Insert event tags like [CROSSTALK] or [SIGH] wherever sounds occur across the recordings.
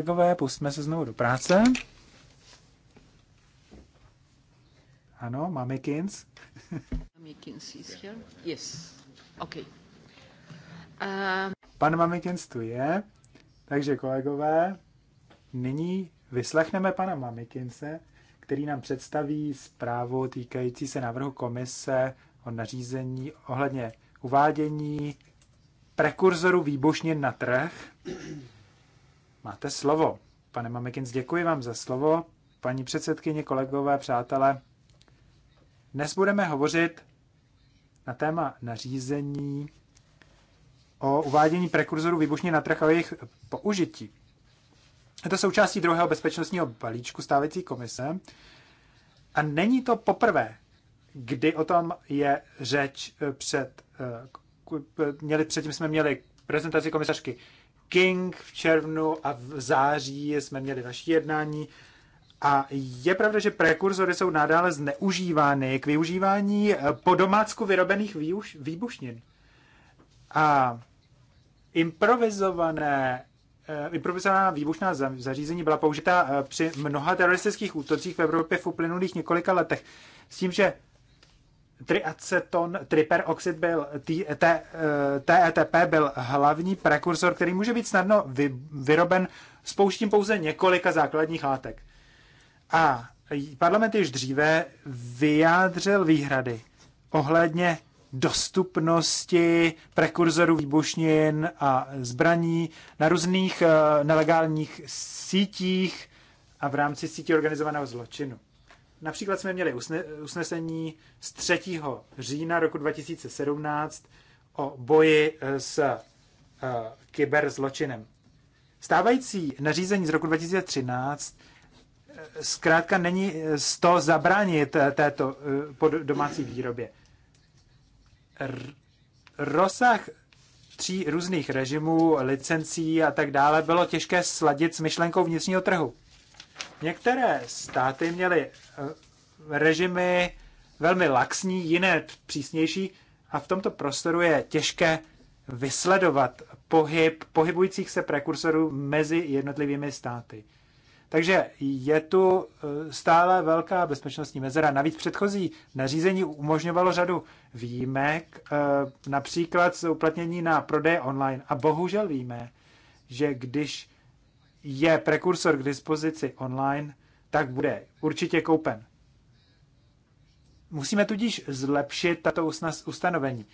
Kolegové, pustíme se znovu do práce. Ano, máme Kins. Mamikins [LAUGHS] is here. Yes. Okay. Um, Pan Mamikins tu je. Takže kolegové, nyní vyslechneme pana Mamikinse, který nám představí zprávu týkající se návrhu komise o nařízení ohledně uvádění prekurzoru výbušnin na trh Máte slovo. Pane Mamikins, děkuji vám za slovo. Paní předsedkyně, kolegové, přátelé, dnes budeme hovořit na téma nařízení o uvádění prekurzorů výbušně na trh a jejich použití. Je to součástí druhého bezpečnostního balíčku stávající komise a není to poprvé, kdy o tom je řeč eh, před... Eh, měli, předtím jsme měli prezentaci komisařky King v červnu a v září jsme měli vaše jednání. A je pravda, že prekurzory jsou nadále zneužívány k využívání eh, po domácku vyrobených výuš, výbušnin. A improvizované eh, improvizovaná výbušná zařízení byla použita eh, při mnoha teroristických útocích v Evropě v uplynulých několika letech. S tím, že triaceton, triperoxid byl, TETP eh, e byl hlavní prekursor, který může být snadno vy, vyroben spouštím pouze několika základních látek. A parlament již dříve vyjádřil výhrady ohledně dostupnosti prekurzorů výbušnin a zbraní na různých eh, nelegálních sítích a v rámci sítí organizovaného zločinu. Například jsme měli usnesení z 3. října roku 2017 o boji eh, s eh, kyberzločinem. Stávající nařízení z roku 2013 eh, zkrátka není z to zabránit této domácí výrobě. Rozsah tří různých režimů, licencí a tak dále bylo těžké sladit s myšlenkou vnitřního trhu. Některé státy měly eh, režimy velmi laxní, jiné přísnější a v tomto prostoru je těžké vysledovat pohyb pohybujících se prekursorů mezi jednotlivými státy. Takže je tu eh, stále velká bezpečnostní mezera. Navíc předchozí nařízení umožňovalo řadu výjimek, eh, například uplatnění na prodej online. A bohužel víme, že když je prekursor k dispozici online, tak bude určitě koupen. Musíme tudíž zlepšit tato ustanovení.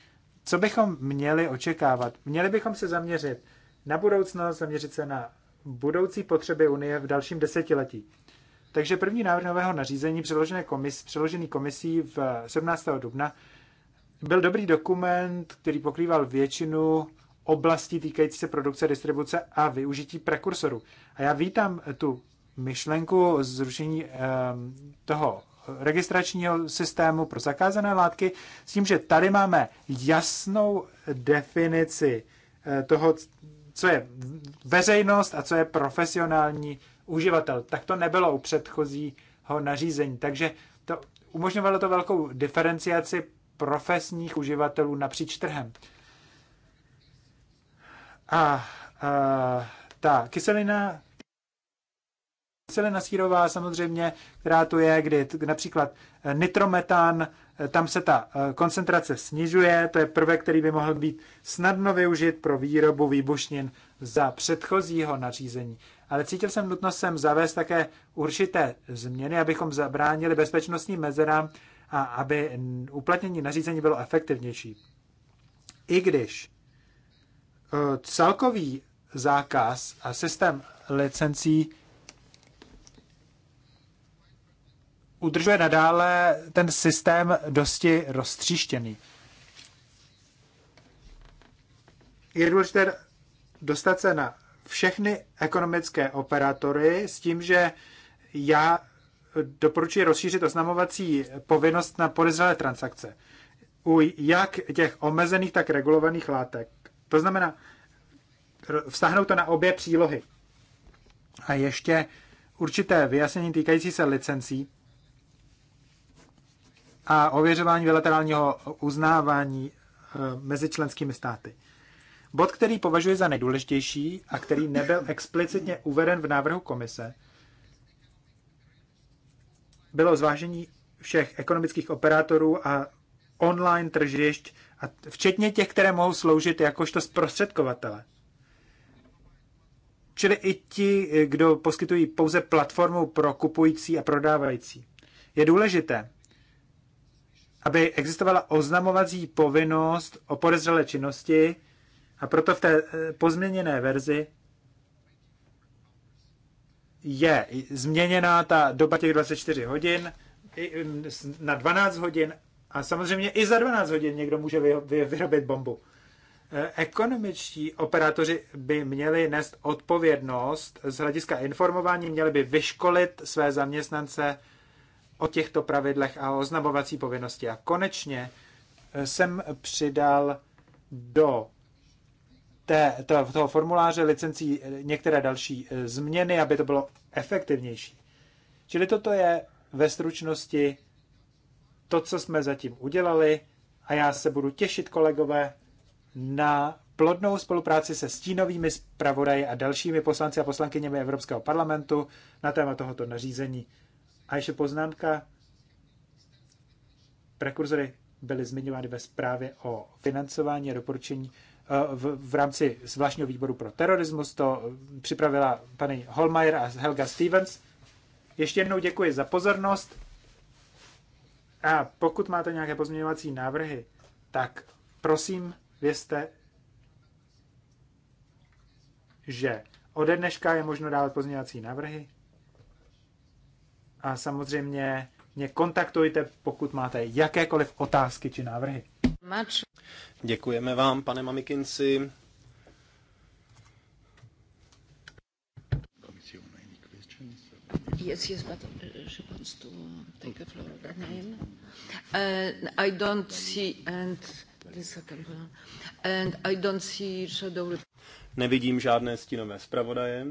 Co bychom měli očekávat? Měli bychom se zaměřit na budoucnost, zaměřit se na budoucí potřeby Unie v dalším desetiletí. Takže první návrh nového nařízení předložené komis, předložený komisí v 17. dubna byl dobrý dokument, který pokrýval většinu oblastí týkající se produkce, distribuce a využití prekursorů. A já vítám eh, tu myšlenku zrušení ehm, toho registračního systému pro zakázané látky s tím, že tady máme jasnou definici eh, toho, co je veřejnost a co je profesionální uživatel. Tak to nebylo u předchozího nařízení. Takže to umožňovalo to velkou diferenciaci profesních uživatelů napříč trhem. A, a ta kyselina, kyselina sírová samozřejmě, která tu je, kdy například eh, nitrometan, eh, tam se ta eh, koncentrace snižuje, to je prvek, který by mohl být snadno využit pro výrobu výbušnin za předchozího nařízení. Ale cítil jsem nutnost sem zavést také určité změny, abychom zabránili bezpečnostním mezerám a aby uplatnění nařízení bylo efektivnější. I když Eh, celkový zákaz a systém licencí udržuje nadále ten systém dosti roztříštěný. Je důležité dostat se na všechny ekonomické operátory s tím, že já doporučuji rozšířit oznamovací povinnost na podezřelé transakce u jak těch omezených, tak regulovaných látek, to znamená, vztahnou to na obě přílohy. A ještě určité vyjasnění týkající se licencí a ověřování bilaterálního uznávání e, mezi členskými státy. Bod, který považuji za nejdůležitější a který nebyl explicitně uveden v návrhu komise, bylo zvážení všech ekonomických operátorů a online tržišť a včetně těch, které mohou sloužit jakožto zprostředkovatele. Čili i ti, eh, kdo poskytují pouze platformu pro kupující a prodávající. Je důležité, aby existovala oznamovací povinnost o podezřelé činnosti a proto v té eh, pozměněné verzi je změněná ta doba těch 24 hodin mm, na 12 hodin a samozřejmě i za 12 hodin někdo může vyrobit bombu. Eh, ekonomičtí operátoři by měli nést odpovědnost z hlediska informování, měli by vyškolit své zaměstnance o těchto pravidlech a oznamovací povinnosti. A konečně eh, jsem přidal do té, to, toho formuláře licencí eh, některé další změny, aby to bylo efektivnější. Čili toto je ve stručnosti to, co jsme zatím udělali a já se budu těšit, kolegové, na plodnou spolupráci se stínovými zpravodaji a dalšími poslanci a poslankyněmi Evropského parlamentu na téma tohoto nařízení. A ještě poznámka. Prekurzory byly zmiňovány ve zprávě o financování a doporučení eh, v, v rámci zvláštního výboru pro terorismus. To eh, připravila paní Holmeyer a Helga Stevens. Ještě jednou děkuji za pozornost a pokud máte nějaké pozměňovací návrhy, tak prosím vězte, že ode dneška je možno dávat pozměňovací návrhy. A samozřejmě mě kontaktujte, pokud máte jakékoliv otázky či návrhy. Děkujeme vám, pane Mamikinci. Yes, yes, but she wants to take a floor again. E, uh, I don't see and and I don't see shadow. Nevidím žádné stínové zpravodaje.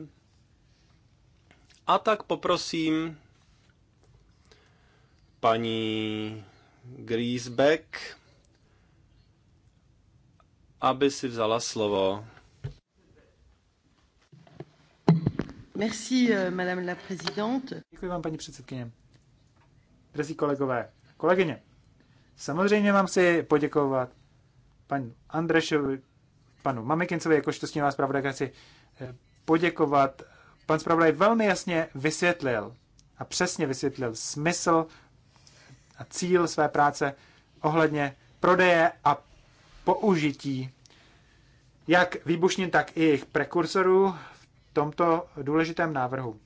A tak poprosím paní Griesbeck, aby si vzala slovo. Merci, euh, madame la présidente. Děkuji vám, paní předsedkyně. Drazí kolegové, kolegyně, samozřejmě vám si poděkovat panu Andrešovi, panu Mamikincovi, jakožto s ním vás pravda eh, poděkovat. Pan zpravodaj velmi jasně vysvětlil a přesně vysvětlil smysl a cíl své práce ohledně prodeje a použití jak výbušnin, tak i jejich prekursorů tomto důležitém návrhu.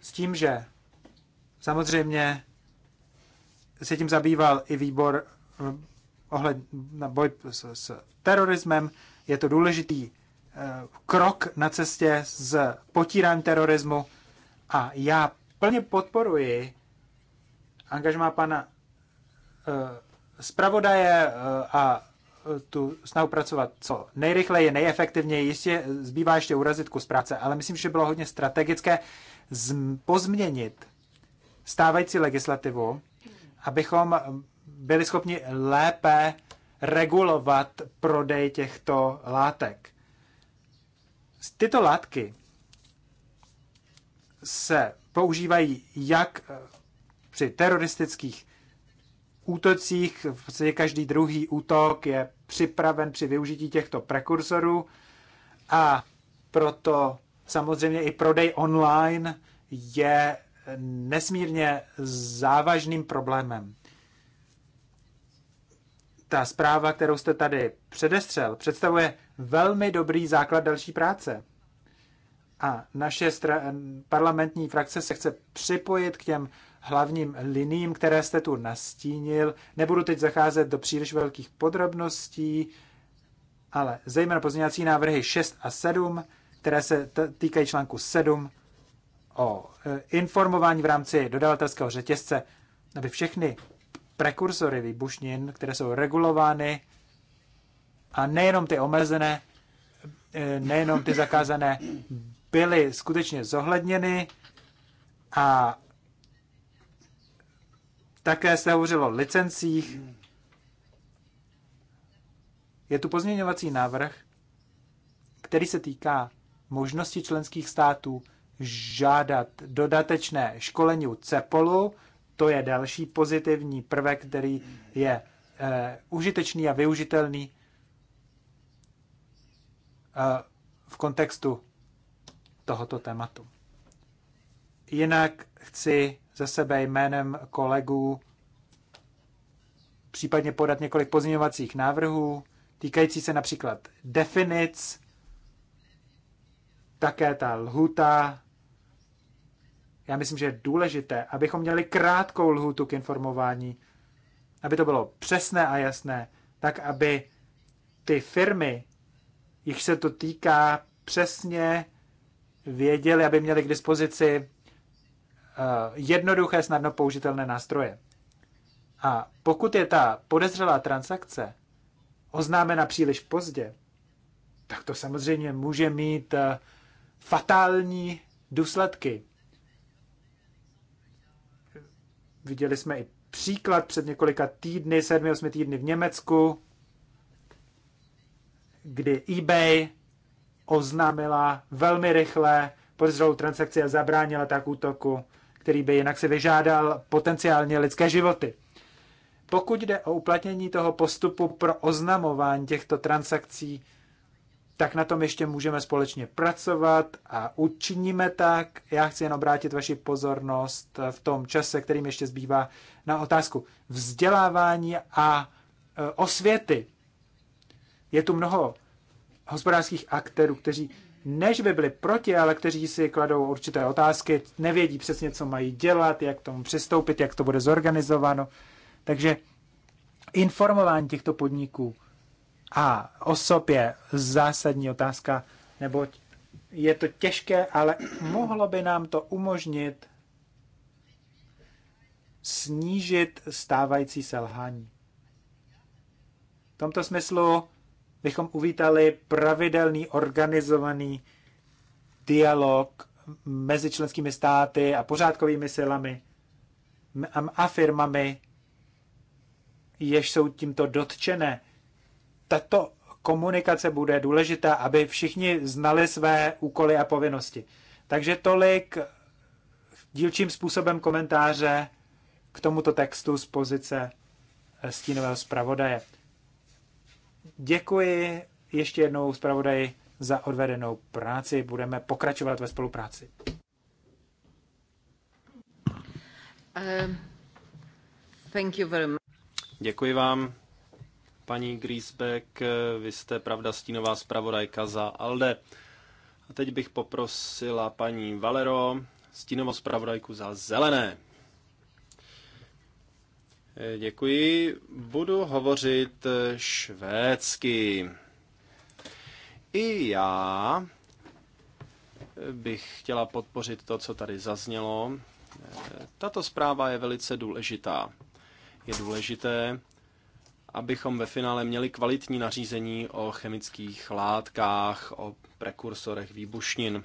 S tím, že samozřejmě se tím zabýval i výbor eh, ohled na boj s, s terorismem. Je to důležitý eh, krok na cestě z potírání terorismu a já plně podporuji angažmá pana eh, zpravodaje a tu snahu pracovat co nejrychleji, nejefektivněji. Jistě zbývá ještě urazit kus práce, ale myslím, že bylo hodně strategické pozměnit stávající legislativu, abychom byli schopni lépe regulovat prodej těchto látek. Tyto látky se používají jak při teroristických útocích, v podstatě každý druhý útok je připraven při využití těchto prekursorů a proto samozřejmě i prodej online je nesmírně závažným problémem. Ta zpráva, kterou jste tady předestřel, představuje velmi dobrý základ další práce. A naše parlamentní frakce se chce připojit k těm hlavním liním, které jste tu nastínil. Nebudu teď zacházet do příliš velkých podrobností, ale zejména pozměňovací návrhy 6 a 7, které se týkají článku 7 o e, informování v rámci dodavatelského řetězce, aby všechny prekursory výbušnin, které jsou regulovány, a nejenom ty omezené, e, nejenom ty zakázané, byly skutečně zohledněny a také se hovořilo o licencích. Je tu pozměňovací návrh, který se týká možnosti členských států žádat dodatečné školení u CEPOLu. To je další pozitivní prvek, který je e, užitečný a využitelný e, v kontextu tohoto tématu. Jinak chci za sebe jménem kolegů případně podat několik pozměňovacích návrhů, týkající se například definic, také ta lhuta. Já myslím, že je důležité, abychom měli krátkou lhutu k informování, aby to bylo přesné a jasné, tak aby ty firmy, jich se to týká, přesně věděli, aby měli k dispozici Eh, jednoduché, snadno použitelné nástroje. A pokud je ta podezřelá transakce oznámena příliš pozdě, tak to samozřejmě může mít eh, fatální důsledky. Viděli jsme i příklad před několika týdny, sedmi, osmi týdny v Německu, kdy eBay oznámila velmi rychle podezřelou transakci a zabránila tak útoku který by jinak si vyžádal potenciálně lidské životy. Pokud jde o uplatnění toho postupu pro oznamování těchto transakcí, tak na tom ještě můžeme společně pracovat a učiníme tak. Já chci jen obrátit vaši pozornost v tom čase, kterým ještě zbývá, na otázku vzdělávání a e, osvěty. Je tu mnoho hospodářských aktérů, kteří než by byli proti, ale kteří si kladou určité otázky, nevědí přesně, co mají dělat, jak k tomu přistoupit, jak to bude zorganizováno. Takže informování těchto podniků a osob je zásadní otázka, neboť je to těžké, ale mohlo by nám to umožnit snížit stávající selhání. V tomto smyslu bychom uvítali pravidelný organizovaný dialog mezi členskými státy a pořádkovými silami a firmami, jež jsou tímto dotčené. Tato komunikace bude důležitá, aby všichni znali své úkoly a povinnosti. Takže tolik dílčím způsobem komentáře k tomuto textu z pozice stínového zpravodaje. Děkuji ještě jednou zpravodaji za odvedenou práci. Budeme pokračovat ve spolupráci. Uh, thank you very much. Děkuji vám. Paní Griesbeck, vy jste pravda stínová zpravodajka za ALDE. A teď bych poprosila paní Valero, stínovou zpravodajku za Zelené. Děkuji. Budu hovořit švédsky. I já bych chtěla podpořit to, co tady zaznělo. Tato zpráva je velice důležitá. Je důležité, abychom ve finále měli kvalitní nařízení o chemických látkách, o prekursorech výbušnin.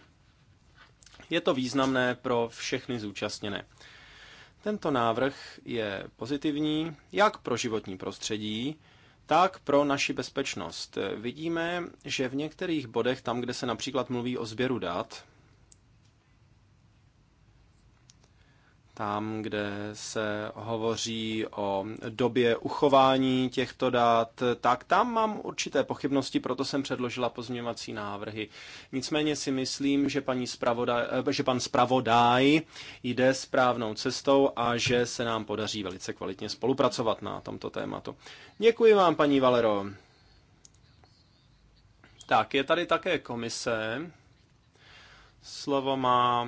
Je to významné pro všechny zúčastněné. Tento návrh je pozitivní jak pro životní prostředí, tak pro naši bezpečnost. Vidíme, že v některých bodech, tam, kde se například mluví o sběru dat, tam, kde se hovoří o době uchování těchto dat, tak tam mám určité pochybnosti, proto jsem předložila pozměňovací návrhy. Nicméně si myslím, že, paní spravodaj, eh, že pan spravodaj jde správnou cestou a že se nám podaří velice kvalitně spolupracovat na tomto tématu. Děkuji vám, paní Valero. Tak, je tady také komise. Slovo má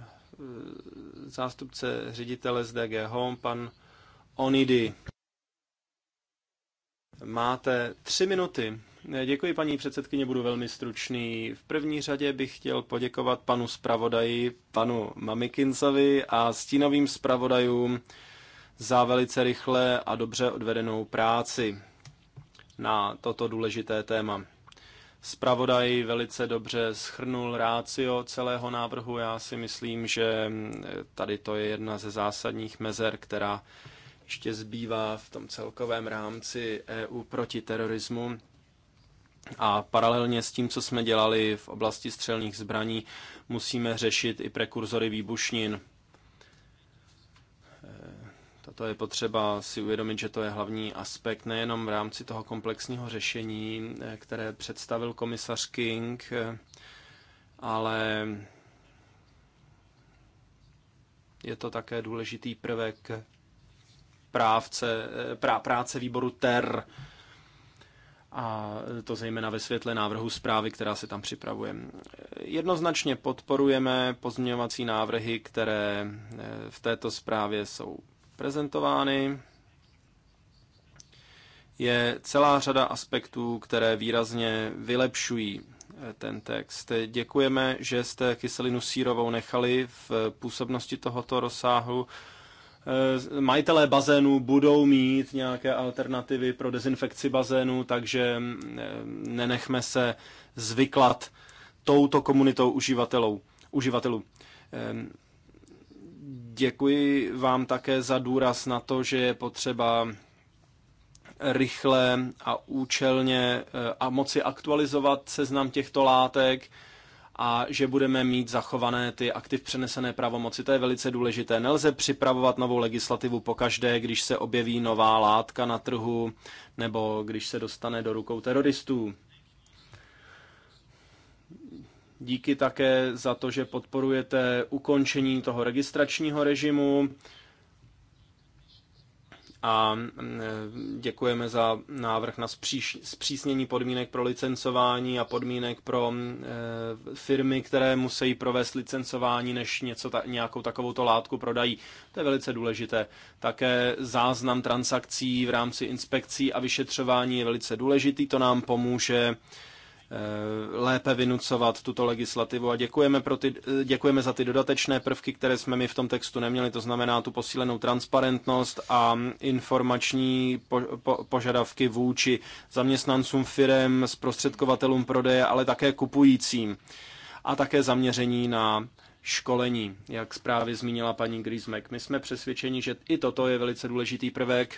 eh, zástupce ředitele z DG Home, pan Onidy. Máte tři minuty. Děkuji, paní předsedkyně, budu velmi stručný. V první řadě bych chtěl poděkovat panu zpravodaji, panu Mamikincovi a stínovým zpravodajům za velice rychle a dobře odvedenou práci na toto důležité téma. Spravodaj velice dobře schrnul rácio celého návrhu. Já si myslím, že tady to je jedna ze zásadních mezer, která ještě zbývá v tom celkovém rámci EU proti terorismu. A paralelně s tím, co jsme dělali v oblasti střelných zbraní, musíme řešit i prekurzory výbušnin. To je potřeba si uvědomit, že to je hlavní aspekt nejenom v rámci toho komplexního řešení, eh, které představil komisař King, eh, ale je to také důležitý prvek právce, eh, prá, práce výboru TER, a to zejména ve světle návrhu zprávy, která se tam připravuje. Jednoznačně podporujeme pozměňovací návrhy, které v této zprávě jsou prezentovány, je celá řada aspektů, které výrazně vylepšují eh, ten text. Děkujeme, že jste kyselinu sírovou nechali v působnosti tohoto rozsáhu. Eh, majitelé bazénů budou mít nějaké alternativy pro dezinfekci bazénu, takže eh, nenechme se zvyklat touto komunitou uživatelů. uživatelů. Děkuji vám také za důraz na to, že je potřeba rychle a účelně eh, a moci aktualizovat seznam těchto látek a že budeme mít zachované ty aktiv přenesené pravomoci. To je velice důležité. Nelze připravovat novou legislativu pokaždé, když se objeví nová látka na trhu nebo když se dostane do rukou teroristů. Díky také za to, že podporujete ukončení toho registračního režimu a mm, e, děkujeme za návrh na zpřísnění podmínek pro licencování a podmínek pro mm, e, firmy, které musí provést licencování, než něco nějakou takovou látku prodají. To je velice důležité. Také záznam transakcí v rámci inspekcí a vyšetřování je velice důležitý. To nám pomůže Eh, lépe vynucovat tuto legislativu a děkujeme, pro ty, eh, děkujeme za ty dodatečné prvky, které jsme my v tom textu neměli, to znamená tu posílenou transparentnost a informační po, po, požadavky vůči zaměstnancům firem, zprostředkovatelům prodeje, ale také kupujícím a také zaměření na školení, jak zprávě zmínila paní Grismek. My jsme přesvědčeni, že i toto je velice důležitý prvek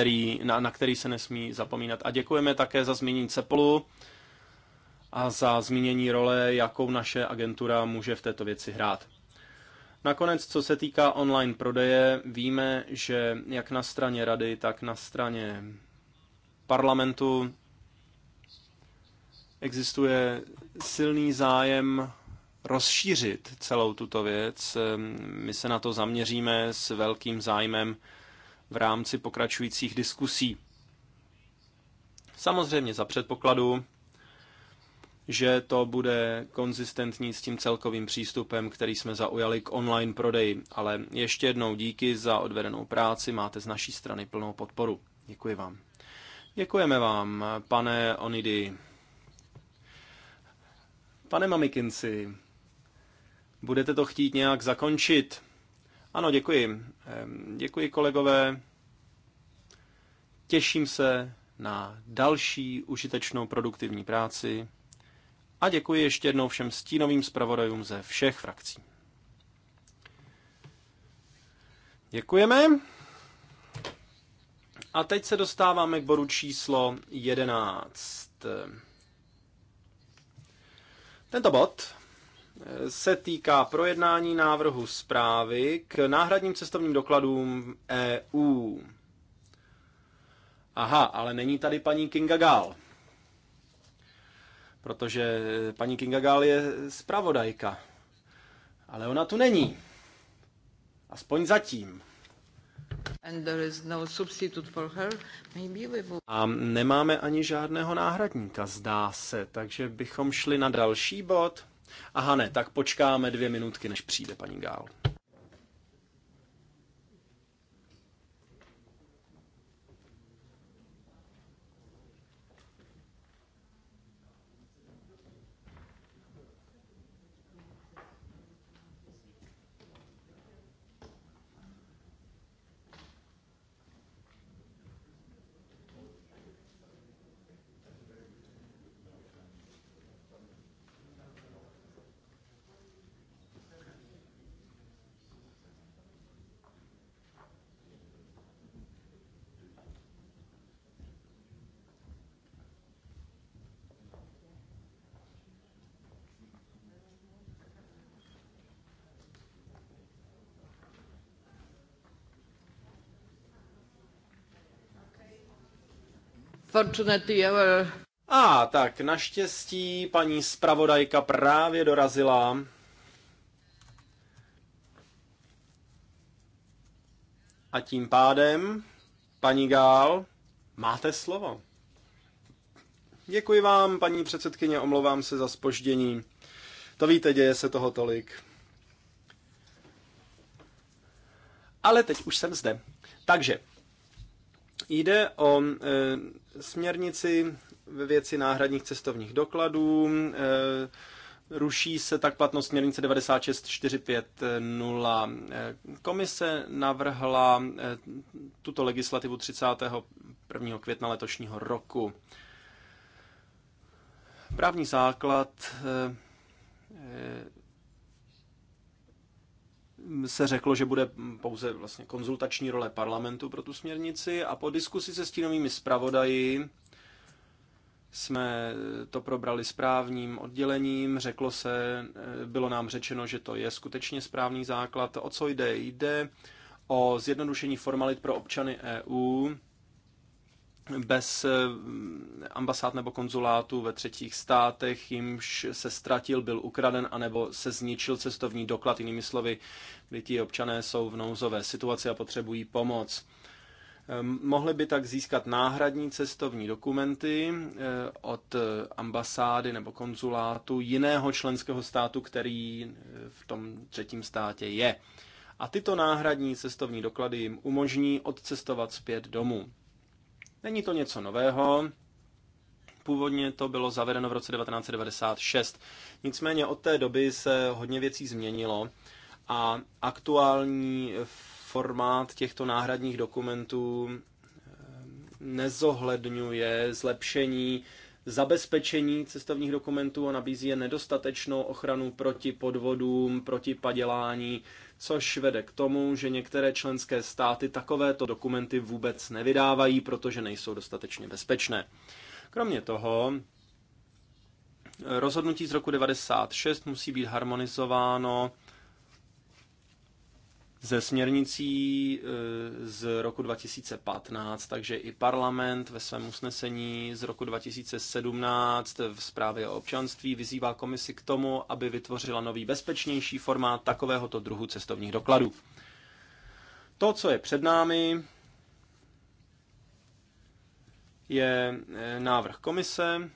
který, na, na který se nesmí zapomínat. A děkujeme také za zmínění CEPOLu a za zmínění role, jakou naše agentura může v této věci hrát. Nakonec, co se týká online prodeje, víme, že jak na straně rady, tak na straně parlamentu existuje silný zájem rozšířit celou tuto věc. My se na to zaměříme s velkým zájmem v rámci pokračujících diskusí. Samozřejmě za předpokladu, že to bude konzistentní s tím celkovým přístupem, který jsme zaujali k online prodeji. Ale ještě jednou díky za odvedenou práci, máte z naší strany plnou podporu. Děkuji vám. Děkujeme vám, pane Onidy. Pane Mamikinci, budete to chtít nějak zakončit? Ano, děkuji. Děkuji kolegové. Těším se na další užitečnou produktivní práci a děkuji ještě jednou všem stínovým zpravodajům ze všech frakcí. Děkujeme. A teď se dostáváme k bodu číslo 11. Tento bod se týká projednání návrhu zprávy k náhradním cestovním dokladům EU. Aha, ale není tady paní Kinga Gál. Protože paní Kinga Gál je zpravodajka. Ale ona tu není. Aspoň zatím. And there is no for her. Maybe we will... A nemáme ani žádného náhradníka, zdá se, takže bychom šli na další bod. Aha ne, tak počkáme dvě minutky, než přijde paní Gál. Fortunately our... A tak naštěstí paní zpravodajka právě dorazila. A tím pádem, paní Gál, máte slovo. Děkuji vám, paní předsedkyně, omlouvám se za spoždění. To víte, děje se toho tolik. Ale teď už jsem zde. Takže, Jde o eh, směrnici ve věci náhradních cestovních dokladů. Eh, ruší se tak platnost směrnice 96450. Eh, komise navrhla tuto legislativu 31. května letošního roku. Právní základ se řeklo, že bude pouze vlastně konzultační role parlamentu pro tu směrnici a po diskusi se stínovými zpravodaji jsme to probrali správním oddělením, řeklo se, eh, bylo nám řečeno, že to je skutečně správný základ. O co jde? Jde o zjednodušení formalit pro občany EU, bez eh, ambasád nebo konzulátů ve třetích státech, jimž se ztratil, byl ukraden, anebo se zničil cestovní doklad. Jinými slovy, kdy ti občané jsou v nouzové situaci a potřebují pomoc. Ehm, mohli by tak získat náhradní cestovní dokumenty eh, od eh, ambasády nebo konzulátu jiného členského státu, který v tom třetím státě je. A tyto náhradní cestovní doklady jim umožní odcestovat zpět domů. Není to něco nového, Původně to bylo zavedeno v roce 1996. Nicméně od té doby se hodně věcí změnilo a aktuální formát těchto náhradních dokumentů eh, nezohledňuje zlepšení zabezpečení cestovních dokumentů a nabízí je nedostatečnou ochranu proti podvodům, proti padělání, což vede k tomu, že některé členské státy takovéto dokumenty vůbec nevydávají, protože nejsou dostatečně bezpečné. Kromě toho, rozhodnutí z roku 1996 musí být harmonizováno ze směrnicí eh, z roku 2015, takže i parlament ve svém usnesení z roku 2017 v zprávě o občanství vyzývá komisi k tomu, aby vytvořila nový bezpečnější formát takovéhoto druhu cestovních dokladů. To, co je před námi, je eh, návrh komise,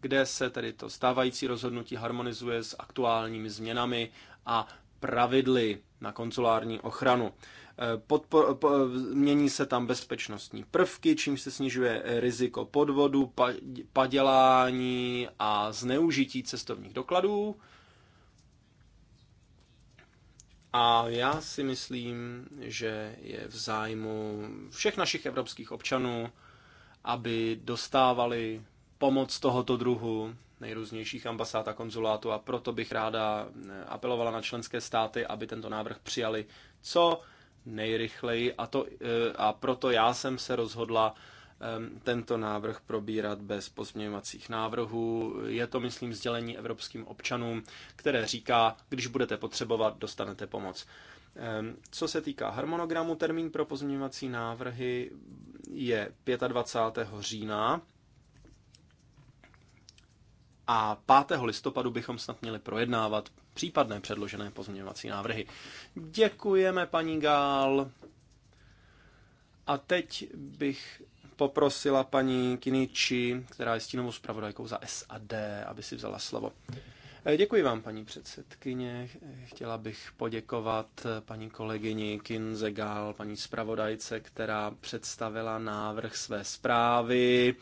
kde se tedy to stávající rozhodnutí harmonizuje s aktuálními změnami a pravidly na konzulární ochranu. E, podpor, po, mění se tam bezpečnostní prvky, čím se snižuje riziko podvodu, pa, padělání a zneužití cestovních dokladů. A já si myslím, že je v zájmu všech našich evropských občanů, aby dostávali pomoc tohoto druhu nejrůznějších ambasád a konzulátů a proto bych ráda eh, apelovala na členské státy, aby tento návrh přijali co nejrychleji a, to, eh, a proto já jsem se rozhodla tento návrh probírat bez pozměňovacích návrhů. Je to, myslím, sdělení evropským občanům, které říká, když budete potřebovat, dostanete pomoc. Co se týká harmonogramu, termín pro pozměňovací návrhy je 25. října a 5. listopadu bychom snad měli projednávat případné předložené pozměňovací návrhy. Děkujeme, paní Gál. A teď bych poprosila paní Kiniči, která je stínovou zpravodajkou za SAD, aby si vzala slovo. Eh, děkuji vám, paní předsedkyně. Chtěla bych poděkovat eh, paní kolegyni Kinzegal, paní zpravodajce, která představila návrh své zprávy.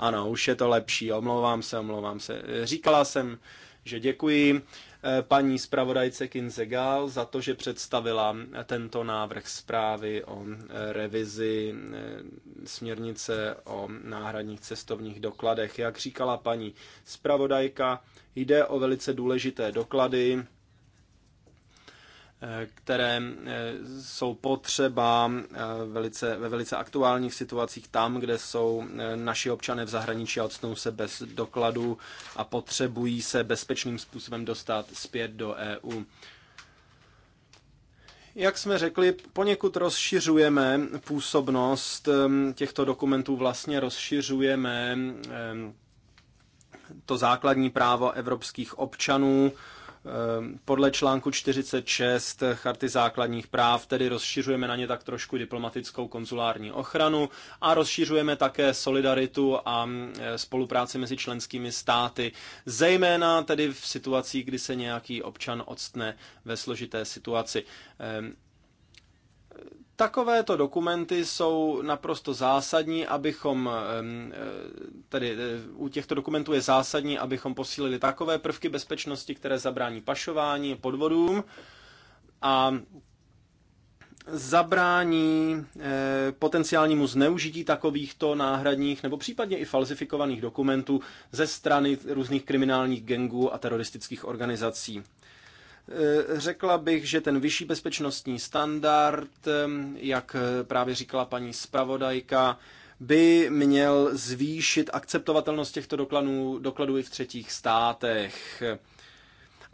Ano, už je to lepší, omlouvám se, omlouvám se. Říkala jsem, že děkuji eh, paní zpravodajce Kinze Gál za to, že představila tento návrh zprávy o eh, revizi eh, směrnice o náhradních cestovních dokladech. Jak říkala paní zpravodajka, jde o velice důležité doklady, které eh, jsou potřeba eh, velice, ve velice aktuálních situacích tam, kde jsou eh, naši občané v zahraničí a odstnou se bez dokladů a potřebují se bezpečným způsobem dostat zpět do EU. Jak jsme řekli, poněkud rozšiřujeme působnost ehm, těchto dokumentů, vlastně rozšiřujeme ehm, to základní právo evropských občanů, Ehm, podle článku 46 Charty základních práv, tedy rozšiřujeme na ně tak trošku diplomatickou konzulární ochranu a rozšiřujeme také solidaritu a mm, e, spolupráci mezi členskými státy, zejména tedy v situacích, kdy se nějaký občan odstne ve složité situaci. Ehm, Takovéto dokumenty jsou naprosto zásadní, abychom, eh, tedy eh, u těchto dokumentů je zásadní, abychom posílili takové prvky bezpečnosti, které zabrání pašování, podvodům a zabrání eh, potenciálnímu zneužití takovýchto náhradních nebo případně i falzifikovaných dokumentů ze strany různých kriminálních gengů a teroristických organizací. Eh, řekla bych, že ten vyšší bezpečnostní standard, eh, jak právě říkala paní zpravodajka, by měl zvýšit akceptovatelnost těchto dokladů, dokladů i v třetích státech.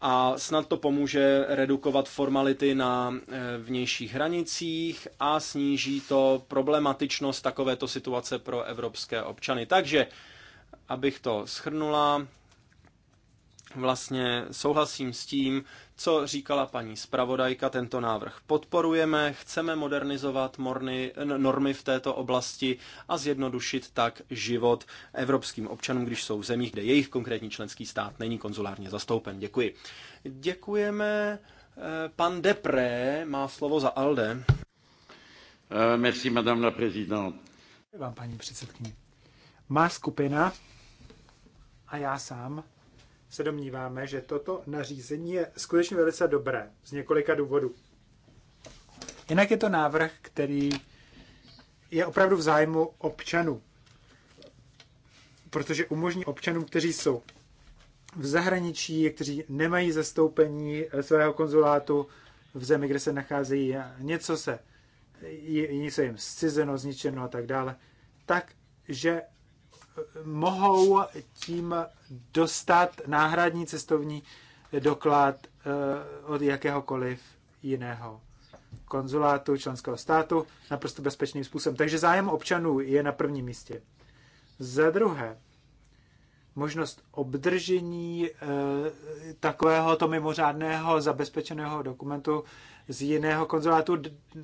A snad to pomůže redukovat formality na eh, vnějších hranicích a sníží to problematičnost takovéto situace pro evropské občany. Takže, abych to schrnula, vlastně souhlasím s tím, co říkala paní zpravodajka, tento návrh podporujeme, chceme modernizovat morny, normy v této oblasti a zjednodušit tak život evropským občanům, když jsou v zemích, kde jejich konkrétní členský stát není konzulárně zastoupen. Děkuji. Děkujeme. Eh, pan Depré má slovo za ALDE. Eh, merci, madame la présidente. Vám, paní předsedkyně. Má skupina a já sám se domníváme, že toto nařízení je skutečně velice dobré z několika důvodů. Jinak je to návrh, který je opravdu v zájmu občanů, protože umožní občanům, kteří jsou v zahraničí, kteří nemají zastoupení svého konzulátu v zemi, kde se nacházejí, něco se, něco jim zcizeno, zničeno a tak dále, tak, že mohou tím dostat náhradní cestovní doklad eh, od jakéhokoliv jiného konzulátu členského státu naprosto bezpečným způsobem. Takže zájem občanů je na prvním místě. Za druhé, možnost obdržení eh, takovéhoto mimořádného zabezpečeného dokumentu z jiného konzulátu,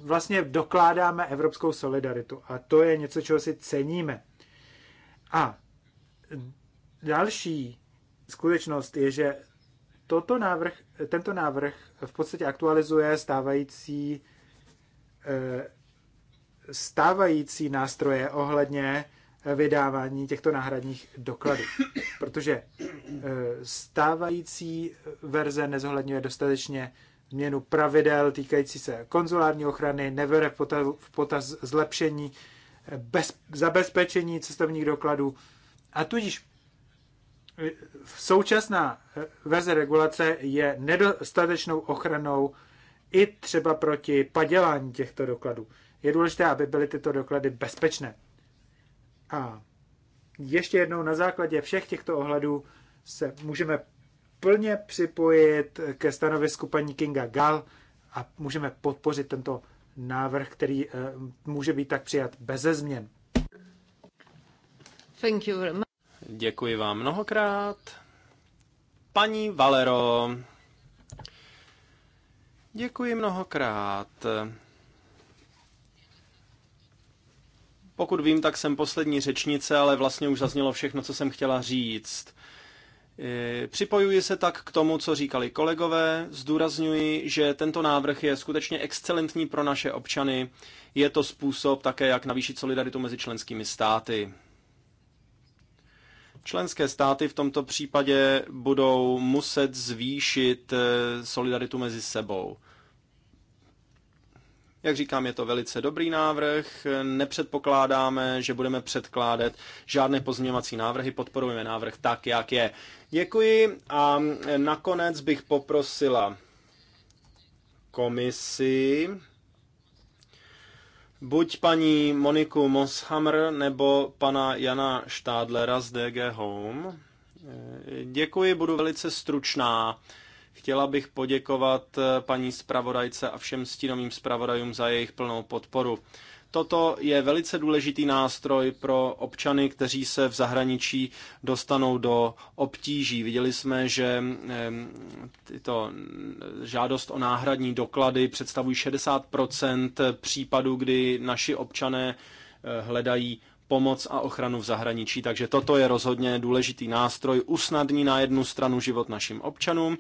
vlastně dokládáme evropskou solidaritu. A to je něco, čeho si ceníme. A další skutečnost je, že toto návrh, tento návrh v podstatě aktualizuje stávající, eh, stávající nástroje ohledně eh, vydávání těchto náhradních dokladů, protože eh, stávající verze nezohledňuje dostatečně změnu pravidel týkající se konzulární ochrany, nebere v potaz, v potaz zlepšení bez, zabezpečení cestovních dokladů. A tudíž eh, současná eh, verze regulace je nedostatečnou ochranou i třeba proti padělání těchto dokladů. Je důležité, aby byly tyto doklady bezpečné. A ještě jednou na základě všech těchto ohledů se můžeme plně připojit ke stanovisku paní Kinga Gal a můžeme podpořit tento návrh, který eh, může být tak přijat bez změn. Thank you Děkuji vám mnohokrát. Paní Valero, děkuji mnohokrát. Pokud vím, tak jsem poslední řečnice, ale vlastně už zaznělo všechno, co jsem chtěla říct. Připojuji se tak k tomu, co říkali kolegové. Zdůrazňuji, že tento návrh je skutečně excelentní pro naše občany. Je to způsob také, jak navýšit solidaritu mezi členskými státy. Členské státy v tomto případě budou muset zvýšit eh, solidaritu mezi sebou. Jak říkám, je to velice dobrý návrh, nepředpokládáme, že budeme předkládat žádné pozměňovací návrhy, podporujeme návrh tak, jak je. Děkuji a nakonec bych poprosila komisi, buď paní Moniku Moshammer nebo pana Jana Štádlera z DG Home. Děkuji, budu velice stručná. Chtěla bych poděkovat eh, paní zpravodajce a všem stínovým zpravodajům za jejich plnou podporu. Toto je velice důležitý nástroj pro občany, kteří se v zahraničí dostanou do obtíží. Viděli jsme, že tyto eh, žádost o náhradní doklady představují 60 případů, kdy naši občané eh, hledají pomoc a ochranu v zahraničí. Takže toto je rozhodně důležitý nástroj. Usnadní na jednu stranu život našim občanům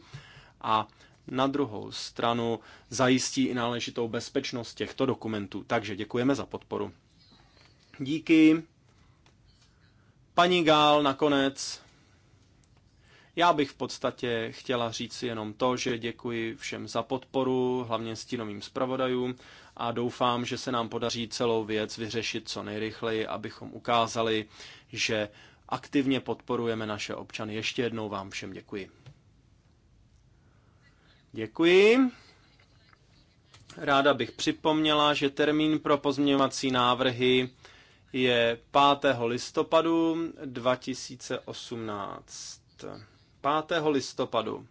a na druhou stranu zajistí i náležitou bezpečnost těchto dokumentů. Takže děkujeme za podporu. Díky. Paní Gál, nakonec. Já bych v podstatě chtěla říct jenom to, že děkuji všem za podporu, hlavně stínovým zpravodajům a doufám, že se nám podaří celou věc vyřešit co nejrychleji, abychom ukázali, že aktivně podporujeme naše občany. Ještě jednou vám všem děkuji. Děkuji. Ráda bych připomněla, že termín pro pozměňovací návrhy je 5. listopadu 2018. 5. listopadu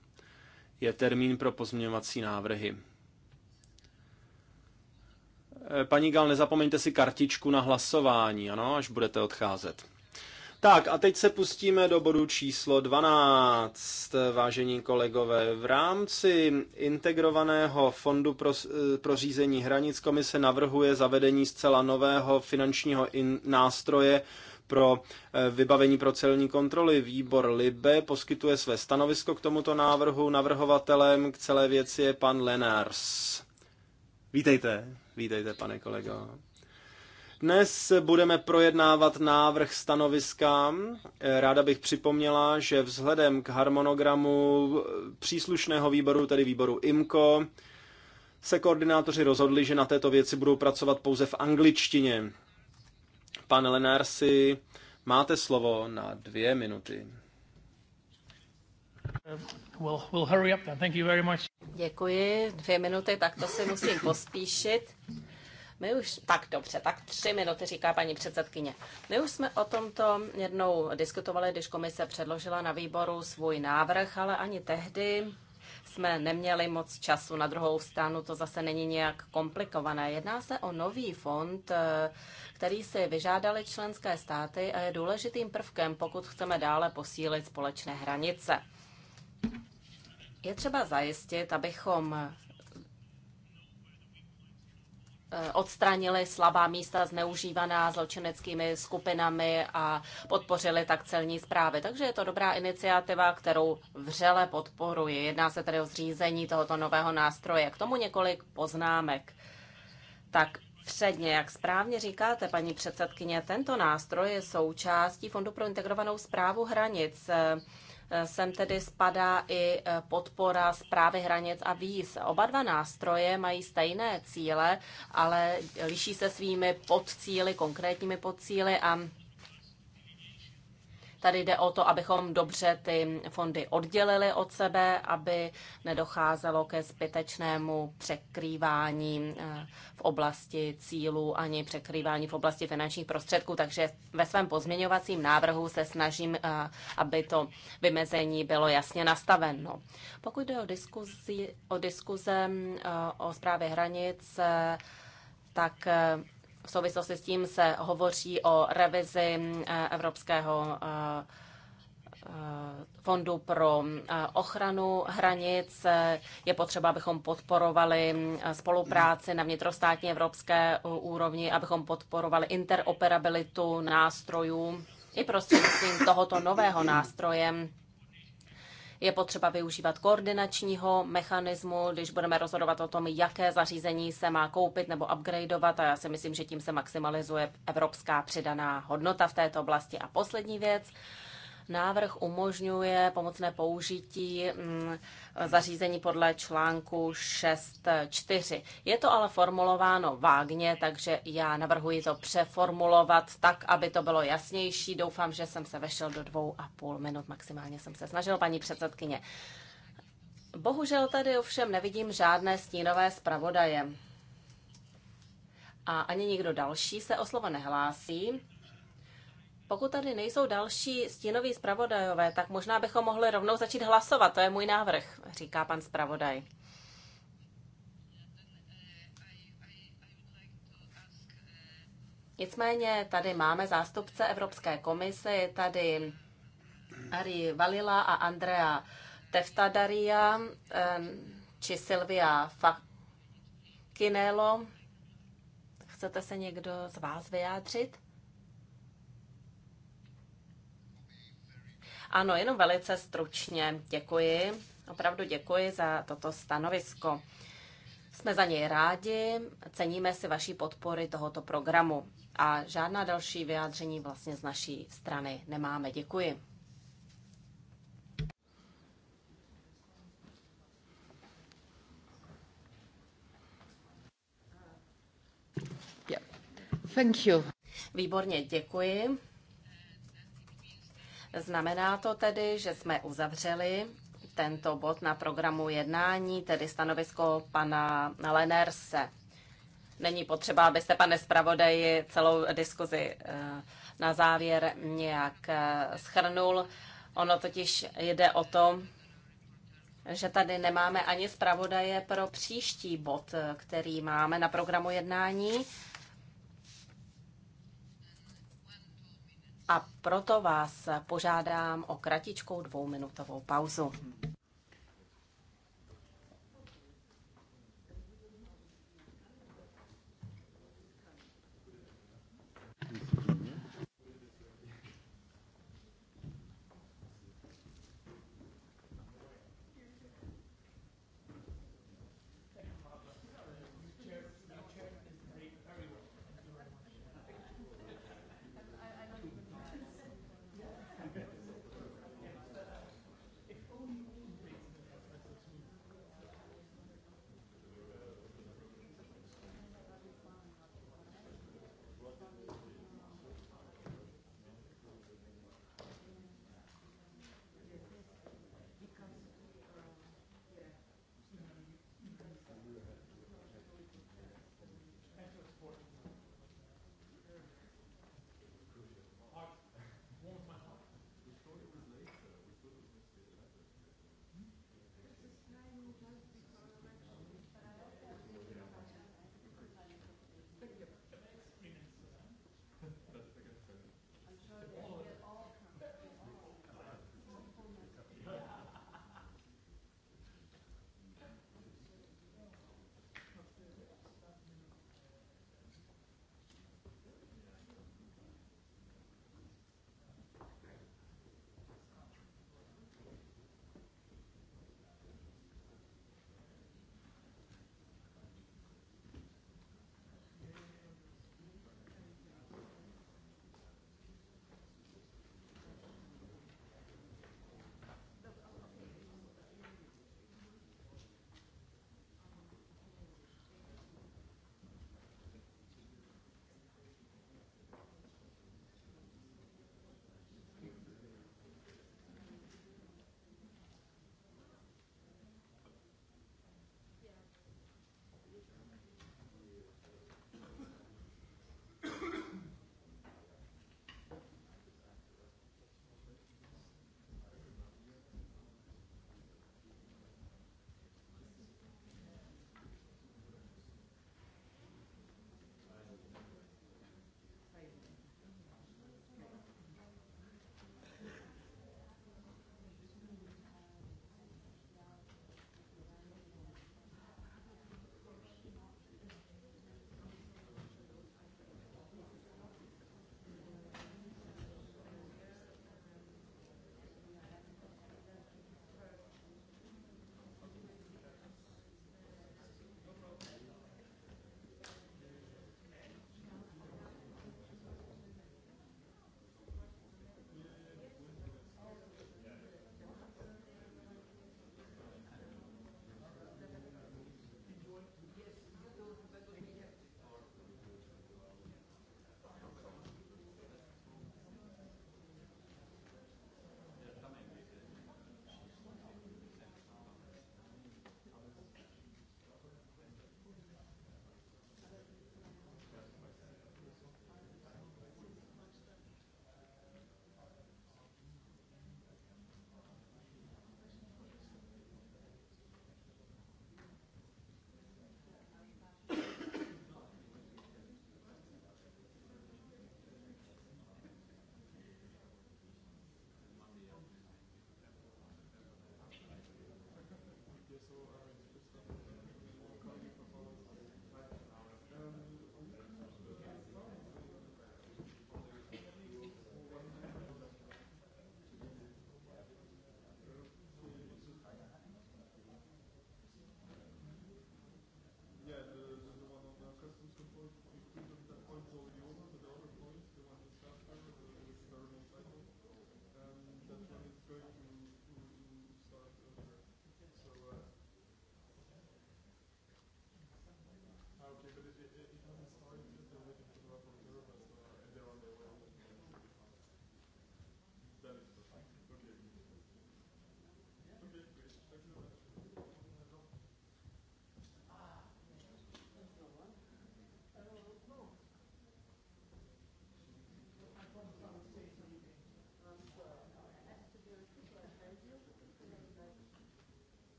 je termín pro pozměňovací návrhy. E, paní Gal, nezapomeňte si kartičku na hlasování, ano, až budete odcházet. Tak a teď se pustíme do bodu číslo 12, vážení kolegové. V rámci integrovaného fondu pro, eh, pro řízení hranic komise navrhuje zavedení zcela nového finančního in, nástroje pro eh, vybavení pro celní kontroly. Výbor Libe poskytuje své stanovisko k tomuto návrhu. Navrhovatelem k celé věci je pan Lenars. Vítejte, vítejte, pane kolego. Dnes budeme projednávat návrh stanoviska. Ráda bych připomněla, že vzhledem k harmonogramu příslušného výboru, tedy výboru IMCO, se koordinátoři rozhodli, že na této věci budou pracovat pouze v angličtině. Pane Lenársi, máte slovo na dvě minuty. Uh, we'll, we'll hurry up then. Thank you very much. Děkuji. Dvě minuty, tak to si musím pospíšit. My už, tak dobře, tak tři minuty, říká paní předsedkyně. My už jsme o tomto jednou diskutovali, když komise předložila na výboru svůj návrh, ale ani tehdy jsme neměli moc času. Na druhou stranu to zase není nějak komplikované. Jedná se o nový fond, eh, který si vyžádali členské státy a je důležitým prvkem, pokud chceme dále posílit společné hranice. Je třeba zajistit, abychom Eh, odstranili slabá místa zneužívaná zločineckými skupinami a podpořili tak celní zprávy. Takže je to dobrá iniciativa, kterou vřele podporuji. Jedná se tedy o zřízení tohoto nového nástroje. K tomu několik poznámek. Tak Předně, jak správně říkáte, paní předsedkyně, tento nástroj je součástí Fondu pro integrovanou zprávu hranic. Sem tedy spadá i e, podpora zprávy hranic a víz. Oba dva nástroje mají stejné cíle, ale liší se svými podcíly, konkrétními podcíly a Tady jde o to, abychom dobře ty fondy oddělili od sebe, aby nedocházelo ke zbytečnému překrývání eh, v oblasti cílů ani překrývání v oblasti finančních prostředků. Takže ve svém pozměňovacím návrhu se snažím, eh, aby to vymezení bylo jasně nastaveno. Pokud jde o, diskuzi, o diskuze eh, o zprávě hranic, tak v souvislosti s tím se hovoří o revizi eh, Evropského eh, eh, fondu pro ochranu hranic. Je potřeba, abychom podporovali spolupráci na vnitrostátní evropské úrovni, abychom podporovali interoperabilitu nástrojů i prostřednictvím tohoto nového nástroje je potřeba využívat koordinačního mechanismu, když budeme rozhodovat o tom, jaké zařízení se má koupit nebo upgradeovat. A já si myslím, že tím se maximalizuje evropská přidaná hodnota v této oblasti. A poslední věc, Návrh umožňuje pomocné použití mm, zařízení podle článku 6.4. Je to ale formulováno vágně, takže já navrhuji to přeformulovat tak, aby to bylo jasnější. Doufám, že jsem se vešel do dvou a půl minut, maximálně jsem se snažil, paní předsedkyně. Bohužel tady ovšem nevidím žádné stínové zpravodaje. A ani nikdo další se o slovo nehlásí. Pokud tady nejsou další stínoví zpravodajové, tak možná bychom mohli rovnou začít hlasovat. To je můj návrh, říká pan zpravodaj. Nicméně tady máme zástupce Evropské komise, je tady Ari Valila a Andrea Teftadaria či Silvia Fakinelo. Chcete se někdo z vás vyjádřit? Ano, jenom velice stručně děkuji, opravdu děkuji za toto stanovisko. Jsme za něj rádi, ceníme si vaší podpory tohoto programu a žádná další vyjádření vlastně z naší strany nemáme. Děkuji. Thank you. Výborně, děkuji. Znamená to tedy, že jsme uzavřeli tento bod na programu jednání, tedy stanovisko pana Lenerse. Není potřeba, abyste, pane zpravodaji, celou diskuzi eh, na závěr nějak eh, schrnul. Ono totiž jde o to, že tady nemáme ani zpravodaje pro příští bod, eh, který máme na programu jednání. a proto vás požádám o kratičkou dvouminutovou pauzu.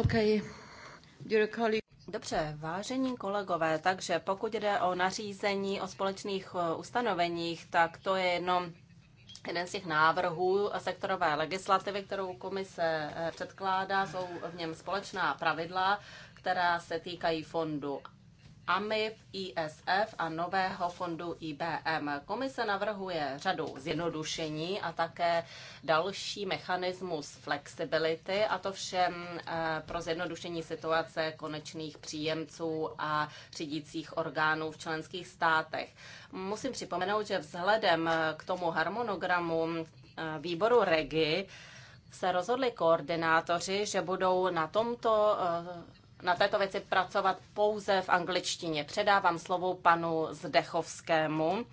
Okay. Dobře, vážení kolegové, takže pokud jde o nařízení o společných eh, ustanoveních, tak to je jenom Jeden z těch návrhů sektorové legislativy, kterou komise eh, předkládá, jsou v něm společná pravidla, která se týkají fondu AMIF, ISF a nového fondu IBM. Komise navrhuje řadu zjednodušení a také další mechanismus flexibility a to všem eh, pro zjednodušení situace konečných příjemců a řídících orgánů v členských státech. Musím připomenout, že vzhledem eh, k tomu harmonogramu eh, výboru REGI se rozhodli koordinátoři, že budou na tomto na této věci pracovat pouze v angličtině. Předávám slovo panu Zdechovskému,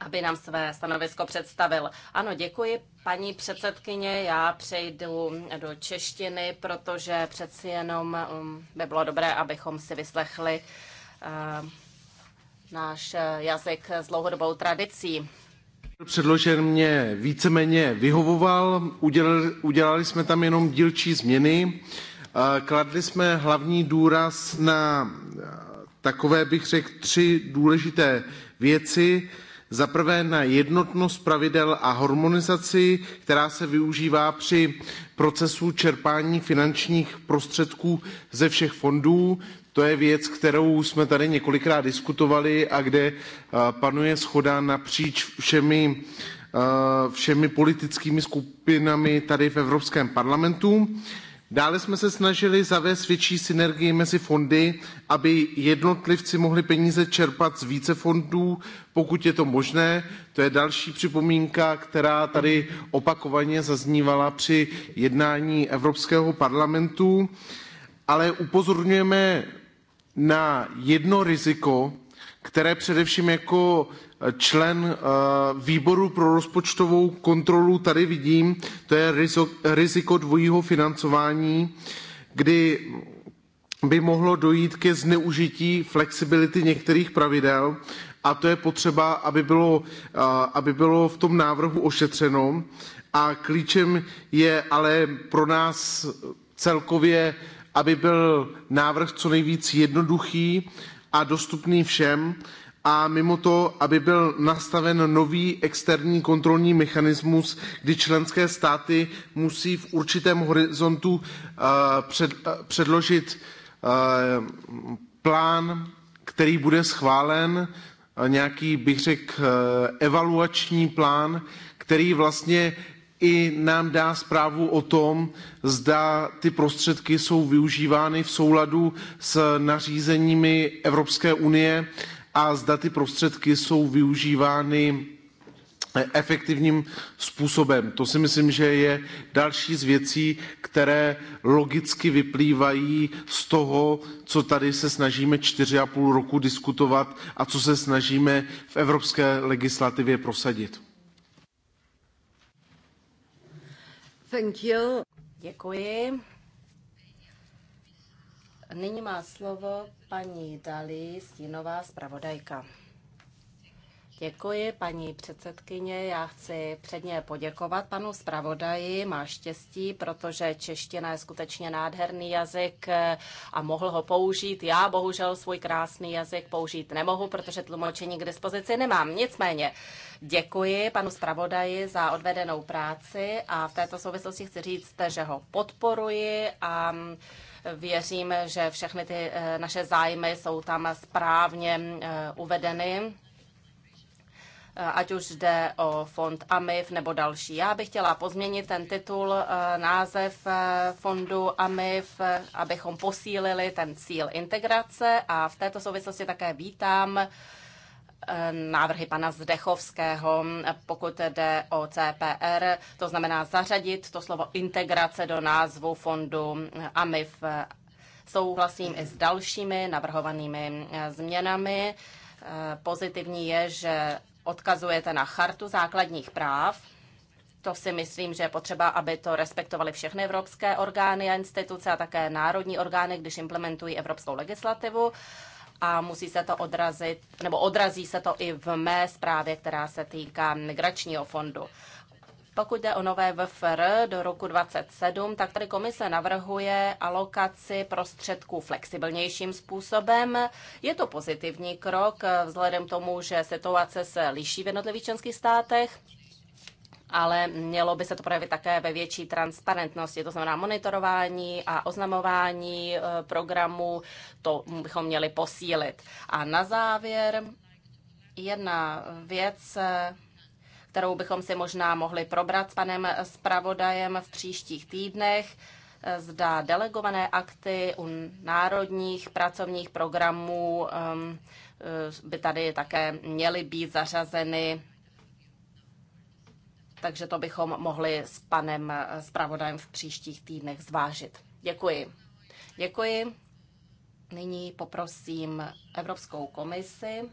aby nám své stanovisko představil. Ano, děkuji, paní předsedkyně. Já přejdu do češtiny, protože přeci jenom um, by bylo dobré, abychom si vyslechli uh, náš jazyk s dlouhodobou tradicí. Předložen mě víceméně vyhovoval, udělali, udělali jsme tam jenom dílčí změny. Kladli jsme hlavní důraz na eh, takové, bych řekl, tři důležité věci. Za prvé na jednotnost pravidel a harmonizaci, která se využívá při procesu čerpání finančních prostředků ze všech fondů. To je věc, kterou jsme tady několikrát diskutovali a kde eh, panuje schoda napříč všemi, eh, všemi politickými skupinami tady v Evropském parlamentu. Dále jsme se snažili zavést větší synergii mezi fondy, aby jednotlivci mohli peníze čerpat z více fondů, pokud je to možné. To je další připomínka, která tady opakovaně zaznívala při jednání Evropského parlamentu. Ale upozorňujeme na jedno riziko, které především jako eh, člen eh, výboru pro rozpočtovou kontrolu tady vidím, to je riziko dvojího financování, kdy by mohlo dojít ke zneužití flexibility některých pravidel a to je potřeba, aby bylo, eh, aby bylo v tom návrhu ošetřeno. A klíčem je ale pro nás celkově, aby byl návrh co nejvíc jednoduchý, a dostupný všem a mimo to, aby byl nastaven nový externí kontrolní mechanismus, kdy členské státy musí v určitém horizontu eh, eh, předložit eh, plán, který bude schválen, nějaký, bych řekl, evaluační plán, který vlastně i nám dá zprávu o tom, zda ty prostředky jsou využívány v souladu s nařízeními Evropské unie a zda ty prostředky jsou využívány eh, efektivním způsobem. To si myslím, že je další z věcí, které logicky vyplývají z toho, co tady se snažíme čtyři a půl roku diskutovat a co se snažíme v evropské legislativě prosadit. Thank you. Děkuji. Nyní má slovo paní Dalí, stínová zpravodajka. Děkuji, paní předsedkyně. Já chci předně poděkovat panu zpravodaji. Má štěstí, protože čeština je skutečně nádherný jazyk eh, a mohl ho použít. Já bohužel svůj krásný jazyk použít nemohu, protože tlumočení k dispozici nemám. Nicméně děkuji panu zpravodaji za odvedenou práci a v této souvislosti chci říct, že ho podporuji a mm, věřím, že všechny ty eh, naše zájmy jsou tam správně eh, uvedeny Eh, ať už jde o fond AMIF nebo další. Já bych chtěla pozměnit ten titul, eh, název eh, fondu AMIF, abychom posílili ten cíl integrace a v této souvislosti také vítám návrhy pana Zdechovského, pokud jde o CPR, to znamená zařadit to slovo integrace do názvu fondu AMIF. Souhlasím i s dalšími navrhovanými změnami. Pozitivní je, že odkazujete na chartu základních práv. To si myslím, že je potřeba, aby to respektovali všechny evropské orgány a instituce a také národní orgány, když implementují evropskou legislativu. A musí se to odrazit, nebo odrazí se to i v mé zprávě, která se týká migračního fondu. Pokud jde o nové VFR do roku 2027, tak tady komise navrhuje alokaci prostředků flexibilnějším způsobem. Je to pozitivní krok vzhledem tomu, že situace se liší v jednotlivých členských státech ale mělo by se to projevit také ve větší transparentnosti, to znamená monitorování a oznamování eh, programů, to bychom měli posílit. A na závěr jedna věc, eh, kterou bychom si možná mohli probrat s panem zpravodajem v příštích týdnech. Zda delegované akty u národních pracovních programů um, eh, by tady také měly být zařazeny takže to bychom mohli s panem eh, zpravodajem v příštích týdnech zvážit. Děkuji. Děkuji. Nyní poprosím Evropskou komisi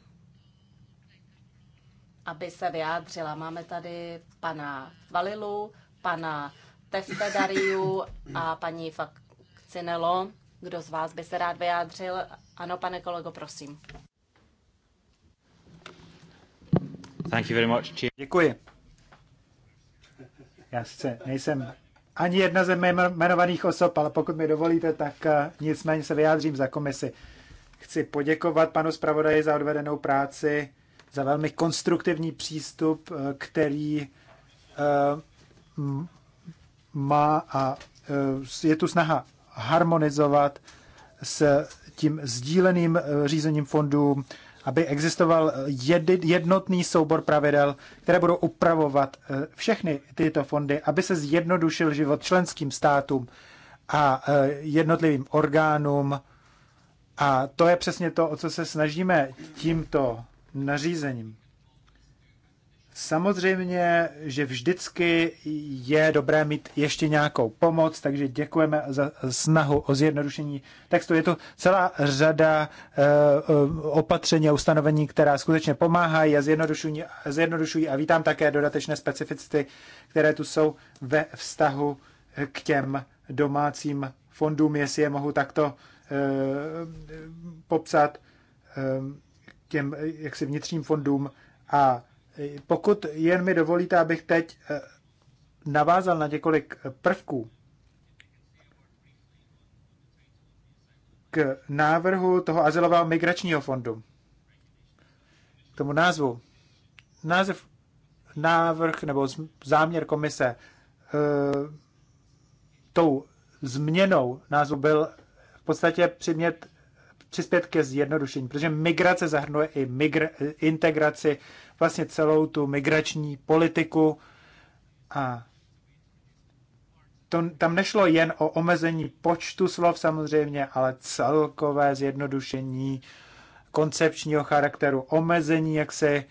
aby se vyjádřila. Máme tady pana Valilu, pana Testedariu a paní Fakcinelo. Kdo z vás by se rád vyjádřil? Ano, pane kolego, prosím. Thank you very much. Děkuji. Já se nejsem ani jedna ze jmenovaných osob, ale pokud mi dovolíte, tak eh, nicméně se vyjádřím za komisi. Chci poděkovat panu zpravodaji za odvedenou práci za velmi konstruktivní přístup, eh, který eh, má a eh, je tu snaha harmonizovat s tím sdíleným řízením fondů, aby existoval jednotný soubor pravidel, které budou upravovat všechny tyto fondy, aby se zjednodušil život členským státům a jednotlivým orgánům. A to je přesně to, o co se snažíme tímto nařízením. Samozřejmě, že vždycky je dobré mít ještě nějakou pomoc, takže děkujeme za snahu o zjednodušení textu. Je to celá řada eh, opatření a ustanovení, která skutečně pomáhají a zjednodušují, zjednodušují a vítám také dodatečné specificity, které tu jsou ve vztahu k těm domácím fondům, jestli je mohu takto eh, popsat ehm, těm eh, jaksi vnitřním fondům a eh, pokud jen mi dovolíte, abych teď eh, navázal na několik prvků k návrhu toho azylového migračního fondu. K tomu názvu. Název, návrh nebo záměr komise tou změnou názvu byl v podstatě přimět přispět ke zjednodušení, protože migrace zahrnuje i migr- integraci, vlastně celou tu migrační politiku a to, tam nešlo jen o omezení počtu slov samozřejmě, ale celkové zjednodušení koncepčního charakteru, omezení jaksi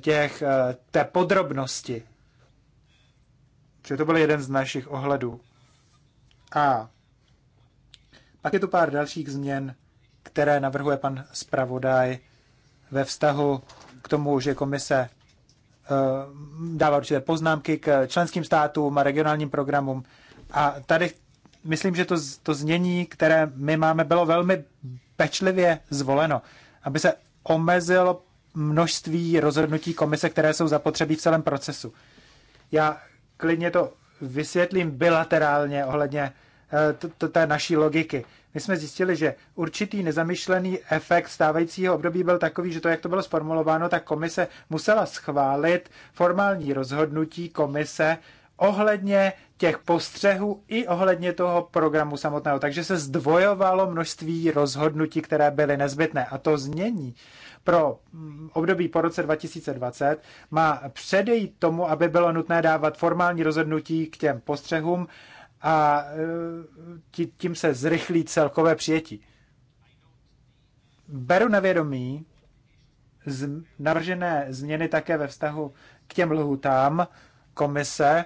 těch, eh, té podrobnosti. Čili to byl jeden z našich ohledů. A pak je tu pár dalších změn, které navrhuje pan zpravodaj ve vztahu k tomu, že komise eh, dává určité poznámky k členským státům a regionálním programům. A tady myslím, že to, to znění, které my máme, bylo velmi pečlivě zvoleno, aby se omezilo množství rozhodnutí komise, které jsou zapotřebí v celém procesu. Já klidně to vysvětlím bilaterálně ohledně eh, té naší logiky my jsme zjistili, že určitý nezamyšlený efekt stávajícího období byl takový, že to, jak to bylo sformulováno, tak komise musela schválit formální rozhodnutí komise ohledně těch postřehů i ohledně toho programu samotného. Takže se zdvojovalo množství rozhodnutí, které byly nezbytné. A to změní pro mm, období po roce 2020 má předejít tomu, aby bylo nutné dávat formální rozhodnutí k těm postřehům a e, tím se zrychlí celkové přijetí. Beru na vědomí z navržené změny také ve vztahu k těm lhutám komise.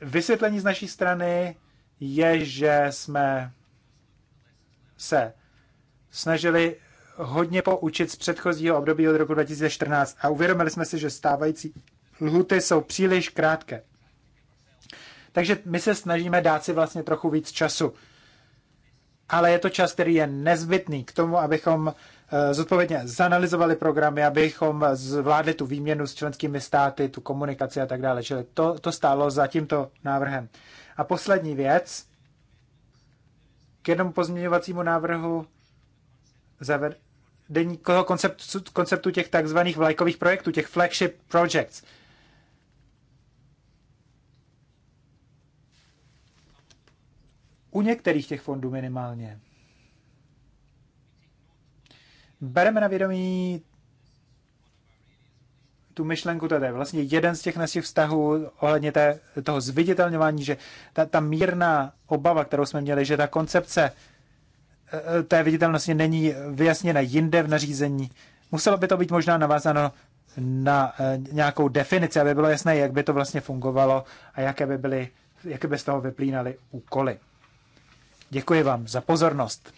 Vysvětlení z naší strany je, že jsme se snažili hodně poučit z předchozího období od roku 2014 a uvědomili jsme si, že stávající lhuty jsou příliš krátké. Takže my se snažíme dát si vlastně trochu víc času. Ale je to čas, který je nezbytný k tomu, abychom eh, zodpovědně zanalizovali programy, abychom zvládli tu výměnu s členskými státy, tu komunikaci a tak dále. Čili to, to stálo za tímto návrhem. A poslední věc, k jednomu pozměňovacímu návrhu zavedení konceptu, konceptu těch takzvaných vlajkových projektů, těch flagship projects. U některých těch fondů minimálně. Bereme na vědomí tu myšlenku, to je vlastně jeden z těch našich vztahů ohledně té, toho zviditelňování, že ta, ta mírná obava, kterou jsme měli, že ta koncepce eh, eh, té viditelnosti není vyjasněna jinde v nařízení, muselo by to být možná navázáno na eh, nějakou definici, aby bylo jasné, jak by to vlastně fungovalo a jaké by, byly, jaké by z toho vyplínaly úkoly. Děkuji vám za pozornost.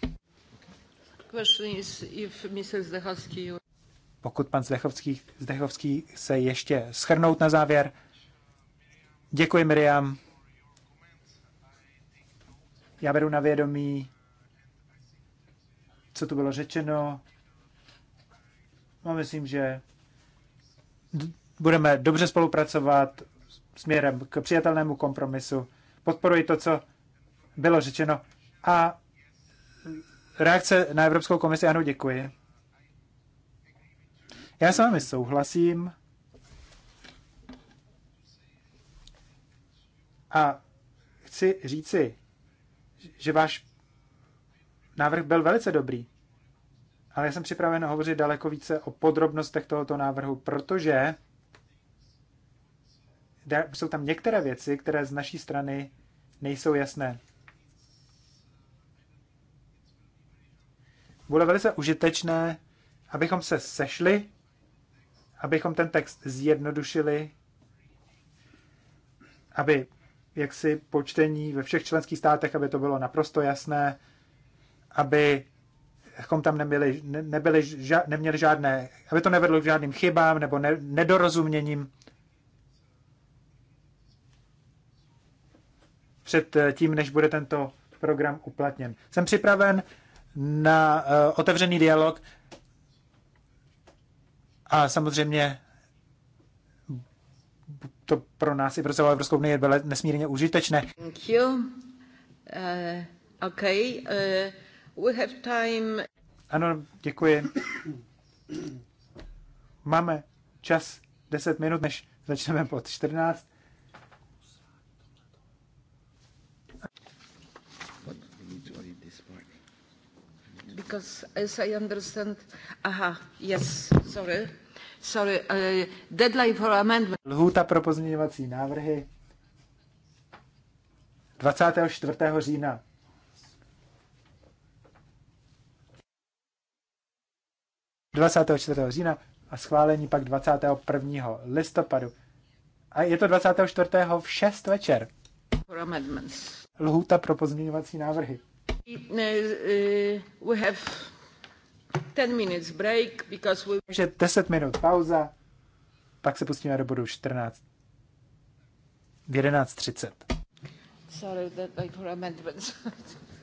Pokud pan Zdechovský, Zdechovský se ještě schrnout na závěr. Děkuji, Miriam. Já beru na vědomí, co tu bylo řečeno. No, myslím, že budeme dobře spolupracovat směrem k přijatelnému kompromisu. Podporuji to, co bylo řečeno. A reakce na Evropskou komisi, ano, děkuji. Já s vámi souhlasím. A chci říci, že váš návrh byl velice dobrý, ale já jsem připraven hovořit daleko více o podrobnostech tohoto návrhu, protože jsou tam některé věci, které z naší strany nejsou jasné. bude velice užitečné, abychom se sešli, abychom ten text zjednodušili, aby jaksi počtení ve všech členských státech, aby to bylo naprosto jasné, aby abychom tam neměli, ne, nebyli ža, neměli žádné, aby to nevedlo k žádným chybám nebo ne, nedorozuměním. Před tím, než bude tento program uplatněn. Jsem připraven na uh, otevřený dialog a samozřejmě to pro nás i pro celou Evropskou unii je nesmírně užitečné. Thank you. Uh, okay. Uh, we have time. Ano, děkuji. Máme čas 10 minut, než začneme pod 14. Lhůta pro pozměňovací návrhy 24. října. ...24. října a schválení pak 21. listopadu. A je to 24. v 6 večer. Lhůta pro pozměňovací návrhy. Uh, uh, Takže 10 minut pauza, pak se pustíme do bodu 14. V 11.30. Sorry, that I for amendments. [LAUGHS]